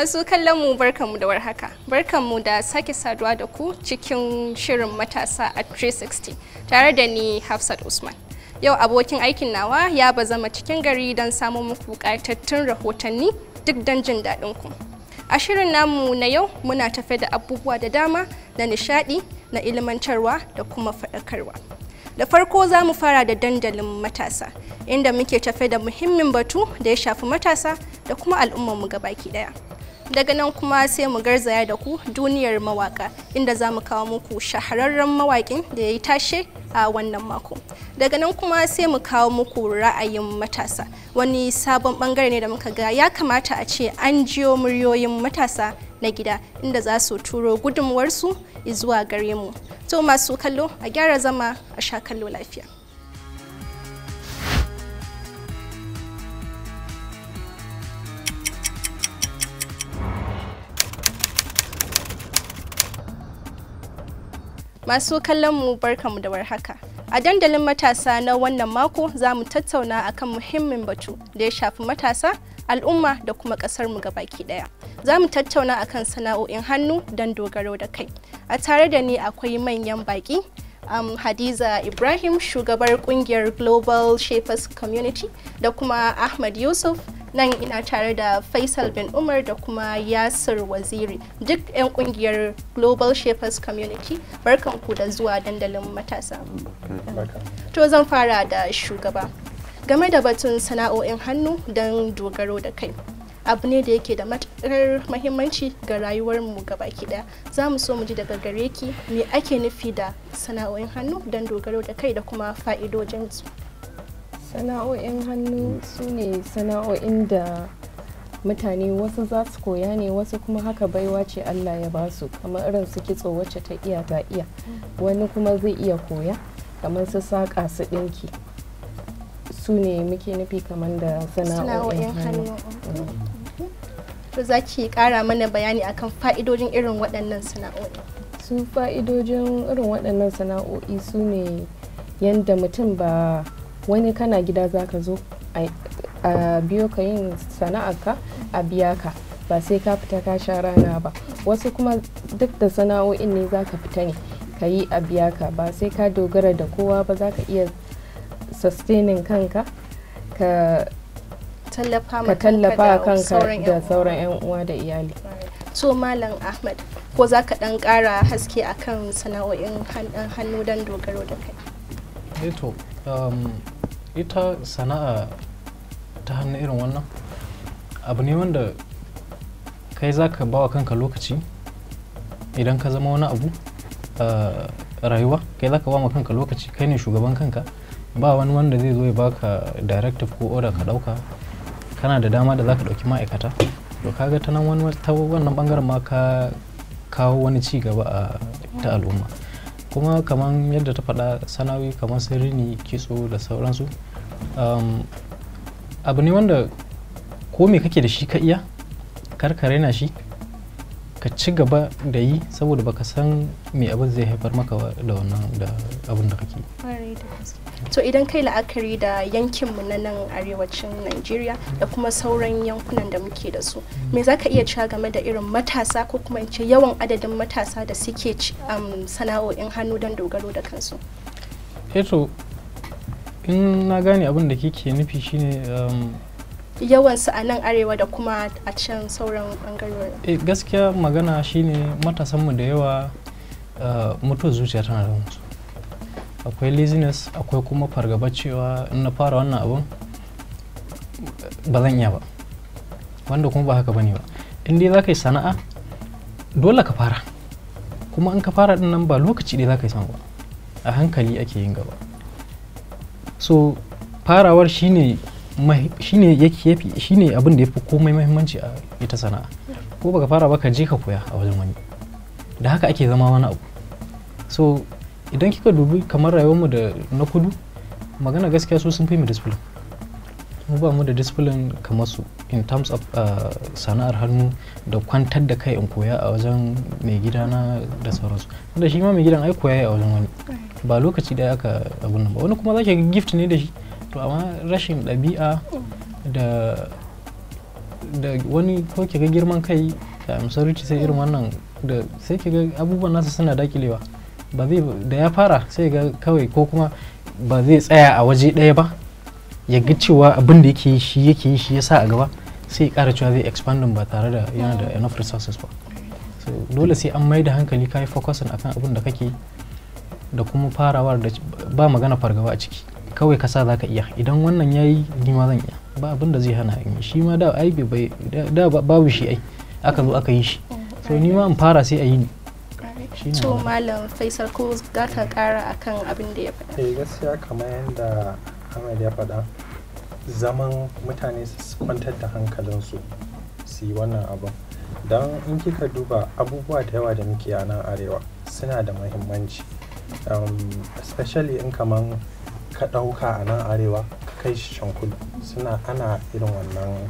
masu kallon mu barkanmu da warhaka. Barkanmu da sake saduwa da ku cikin shirin matasa a 360 tare da ni Hafsat Usman. Yau abokin aikin nawa ya bazama cikin gari don samun muku ƙayatattun rahotanni duk don jin daɗin ku. A shirin namu na yau muna tafe da abubuwa da dama na nishaɗi na ilmantarwa da kuma faɗakarwa. Da farko za mu fara da dandalin matasa, inda muke tafe da muhimmin batu da ya shafi matasa da kuma al'ummarmu gabaki ɗaya. daga nan kuma sai mu garzaya da ku duniyar mawaka inda za mu kawo muku shahararren mawakin da ya yi tashe a wannan mako daga nan kuma sai mu kawo muku ra'ayin matasa wani sabon bangare ne da muka ga ya kamata a ce an jiyo muryoyin matasa na gida inda za su turo gudunmuwarsu zuwa gare mu to masu kallo a gyara zama a sha kallo lafiya Masu kallon mu barkamu da warhaka. A dandalin matasa na wannan mako za mu tattauna akan muhimmin batu da ya shafi matasa, al'umma da kuma kasar mu baki ɗaya. Za mu tattauna akan sana'o'in hannu don dogaro da kai. A tare da ni akwai manyan baƙi um, Hadiza Ibrahim shugabar kungiyar Global Shapers Community da kuma Ahmad Yusuf nan ina tare da faisal bin umar da kuma yasir waziri duk 'yan kungiyar global shapers community barkanku da zuwa dandalin matasa to zan fara da shugaba game da batun sana'o'in hannu don dogaro da kai abu ne da yake da matuƙar mahimmanci ga rayuwarmu baki ɗaya za mu so mu ji daga gare ki me ake nufi da sana'o'in hannu don dogaro da kai da kuma fa'idojinsu sana'o'in hannu su ne sana'o'in da mutane wasu za su koya ne wasu kuma haka baiwa ce allah ya ba su kamar irin su kitso wacce ta iya ga iya wani kuma zai iya koya kamar su saƙa su ɗinki su ne muke nufi kamar da sana'o'in hannu za ki ƙara mana bayani akan fa'idojin irin waɗannan sana'o'i su fa'idojin irin waɗannan sana'o'i su ne yadda mutum ba wani kana gida za ka zo a biyo ka yin sana'arka a biya ka ba sai ka fita ka sha rana ba wasu kuma duk da sana'o'in ne za ka fita ne ka yi a biya ka ba sai ka dogara da kowa ba za ka iya sustaining kanka ka tallafa kanka da sauran 'yan uwa da iyali so malam ahmad ko za ka ɗan ƙara haske akan sana'o'in hannu don dogaro da kai eto eh um, ita sana'a ta hannu irin wannan abu ne wanda kai za ka bawa kanka lokaci idan ka zama wani abu uh, rayuwa kai za ka bawa kanka lokaci kai ne shugaban kanka ba wani wanda zai zo ya baka directive ko order ka dauka kana da dama da za ka dauki ma'aikata to kaga ta nan wannan bangaren ma ka kawo wani ci gaba a ta al'umma kuma kamar yadda ta faɗa sana'o'i kamar su rini kitso da sauransu abu ne wanda ko me kake da shi ka iya karkare na shi ka ci gaba da yi saboda baka san me abin zai haifar maka da wannan da abin da kake to idan kai la'akari da yankin mu na nan arewacin Najeriya da kuma sauran yankunan da muke da su me zaka iya cewa game da irin matasa ko kuma ce yawan adadin matasa da suke um, sana'o'in hannu don dogaro da kansu eto eh in na gane abin da kike nufi shine um, yawansu a nan arewa da kuma a can sauran bangarori eh, gaskiya magana shine matasanmu da yawa eh, mutuwar zuciya tana da musu akwai laziness akwai kuma fargaba cewa in na fara wannan abun ba zan iya ba wanda kuma ba haka bane ba in dai za yi sana'a dole ka fara kuma in ka fara din nan ba lokaci ɗaya za ka yi sana'a ba a hankali ake yin gaba so farawar shine shine ne abin da ya fi komai mahimmanci a ita sana'a ko baka fara ba ka je ka koya a wajen wani da haka ake zama wani abu so idan kika dubi kamar rayuwarmu da na kudu magana gaskiya su sun fi mu discipline mu ba mu da discipline kamar su in terms of uh, sana'ar hannu da kwantar da kai in koya a wajen mai gida na da sauransu da shi ma mai gidan ai koya a wajen wani ba lokaci da aka abun nan ba wani kuma zaki gift ne da shi to amma rashin ɗabi'a da da wani ko kiga girman kai da amsarci sai irin wannan da sai kiga abubuwan nasa suna dakilewa ba zai da ya fara sai ga kawai ko kuma ba zai tsaya a waje ɗaya ba ya ga cewa abin da yake yi shi yake yi shi yasa a gaba sai kara cewa zai expanding ba tare da yana da enough resources ba so dole sai an mai da hankali kai focusing akan abin da kake da kuma farawar da ba magana fargaba a ciki kawai ka sa za iya idan wannan ya yi ni ma zan iya ba abin zai hana in shi ma da ai da babu shi ai aka zo aka yi shi so ni ma in fara sai a yi ni to malam faisal ko za ka kara akan abin da ya faɗa eh gaskiya kamar yadda ahmed ya faɗa zaman mutane su kwantar da hankalinsu su yi wannan abu don in kika duba abubuwa da yawa da muke a nan arewa suna da muhimmanci um, especially in kamar ka ɗauka a nan arewa ka kai shi can suna ana irin wannan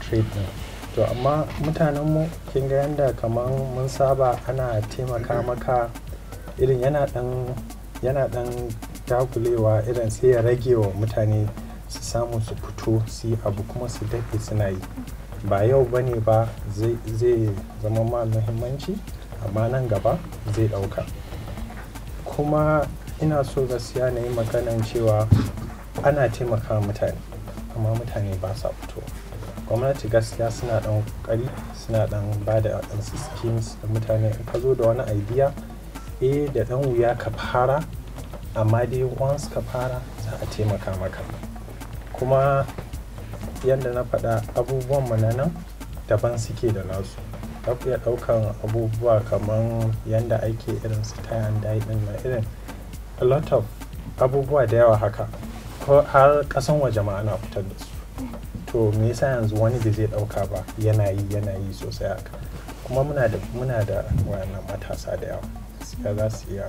trade din to amma mutanen mu kin ga yanda kamar mun saba ana taimaka maka irin yana dan yana dan dakulewa irin sai ya rage wa mutane su samu su fito su yi abu kuma su dafe suna yi ba yau ba ne ba zai zama ma muhimmanci amma nan gaba zai ɗauka kuma ina so gaskiya na yi maganan cewa ana taimaka mutane amma mutane ba sa fito gwamnati gaskiya suna dan kokari suna dan ba da schemes da mutane in ka zo da wani idea eh da dan wuya ka fara amma dai once ka fara za a taimaka maka kuma yadda na faɗa abubuwan mananan daban suke da nasu za ku ɗaukan abubuwa kamar yadda ake irin su tayan daɗin na irin a lot of abubuwa da yawa haka har kasan waje ma ana fitar da su to me yasa yanzu wani da zai dauka ba yana yi yana yi sosai haka kuma muna da muna wayannan matasa da yawa ya za su iya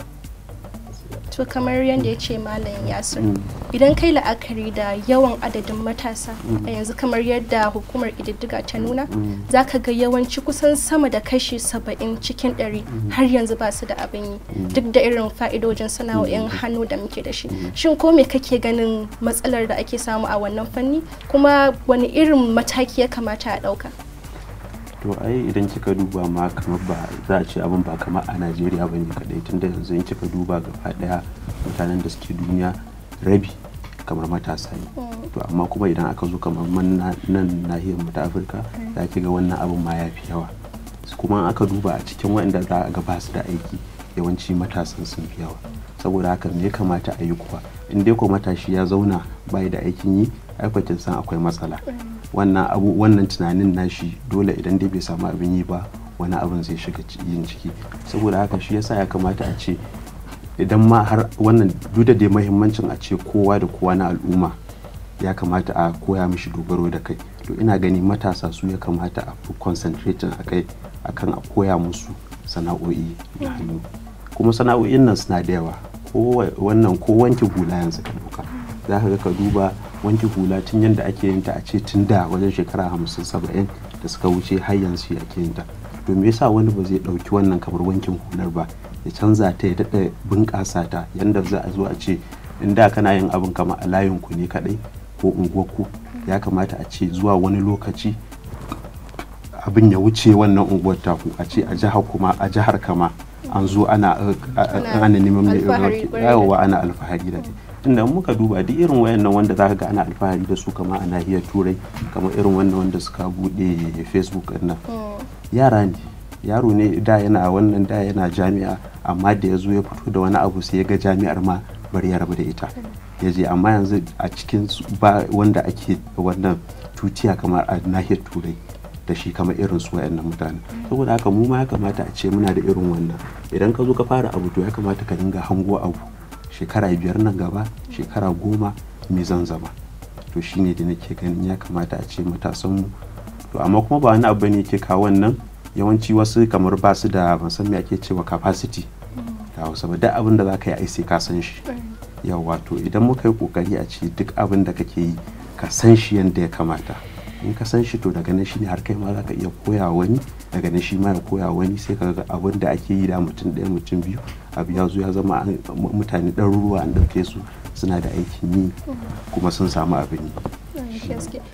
to kamar yadda ya ce malam yasir mm. idan kai la'akari da yawan adadin matasa a mm. yanzu kamar yadda hukumar ididdiga ta nuna mm. za ka ga yawanci kusan sama da kashi saba'in cikin ɗari har yanzu ba su da abin yi duk da irin fa'idojin sana'o'in hannu da muke da shi shin ko me kake ganin matsalar da ake samu a wannan fanni kuma wani irin mataki ya kamata a ɗauka to ai idan kika duba ma kamar ba za a ce abin ba kamar a najeriya ba ne kadai tunda yanzu in kika duba gaba daya mutanen da suke duniya rabi kamar matasa ne mm. to amma kuma idan aka zo kamar nan nahiyar mu ta afirka mm. za ki ga wannan abin ma ya fi yawa kuma aka duba a cikin waɗanda za a ga ba su da aiki yawanci matasan sun fi yawa saboda haka me ya kamata a yi kuwa in dai ko matashi ya zauna bai da aikin yi ai san akwai matsala mm. wannan abu wannan tunanin nashi dole idan dai bai samu abin yi ba wani abin zai shiga yin ciki saboda haka shi yasa ya kamata a ce idan ma har wannan duk da dai mahimmancin a ce kowa da kowa na al'umma ya kamata a koya mishi dogaro da kai to ina gani matasa su ya kamata a fi concentrating a kai akan a koya musu sana'o'i na hannu kuma sana'o'in nan suna da yawa ko wannan ko wanke hula yanzu ka duka za ka ga ka duba wanke hula tun yadda ake yin ta a ce tun da wajen shekara hamsin saba'in da suka wuce har yanzu ake yin ta to me yasa wani ba zai ɗauki wannan kamar wankin hular ba ya canza ta ya daɗa bunƙasa ta yadda za a zo a ce in da kana yin abin kama a layin ku ne kaɗai ko unguwarku ya kamata a ce zuwa wani lokaci abin ya wuce wannan unguwar taku a ce a jihar kuma a jihar kama an zo ana neman mai ana alfahari da ne tunda muka duba duk irin wayannan wanda zaka ga ana alfahari da su kama a nahiyar turai kama irin wannan wanda suka bude facebook din nan mm. yara ne yaro ne da yana wannan da yana jami'a amma da ya zo ya fito da wani abu sai ya ga jami'ar ma bari ya rabu da ita ya je amma yanzu a cikin ba wanda ake wannan tuciya kamar a nahiyar turai da shi kama irin su wayannan mutane mm. saboda haka mu ma ya kamata a ce muna da irin wannan idan ka zo ka fara abu to ya kamata ka dinga hango abu shekara biyar nan gaba shekara goma me zan zama to shine da nake ganin ya kamata a ce mu to amma kuma ba wani abu ne ke kawo wannan yawanci wasu kamar ba su da ban san me ake cewa capacity da hausa ba duk abin da za ka yi ai sai ka san shi yawa to idan muka yi kokari a ce duk abin da kake yi ka san shi yadda ya kamata in ka san shi to daga nan shine har kai ma za ka iya koya wani daga nan shi ma ya koya wani sai ka ga abin da ake yi da mutum ɗaya mutum biyu abu ya zo ya zama mutane ɗaruruwa an ɗauke su suna da aikin yi kuma sun samu abin yi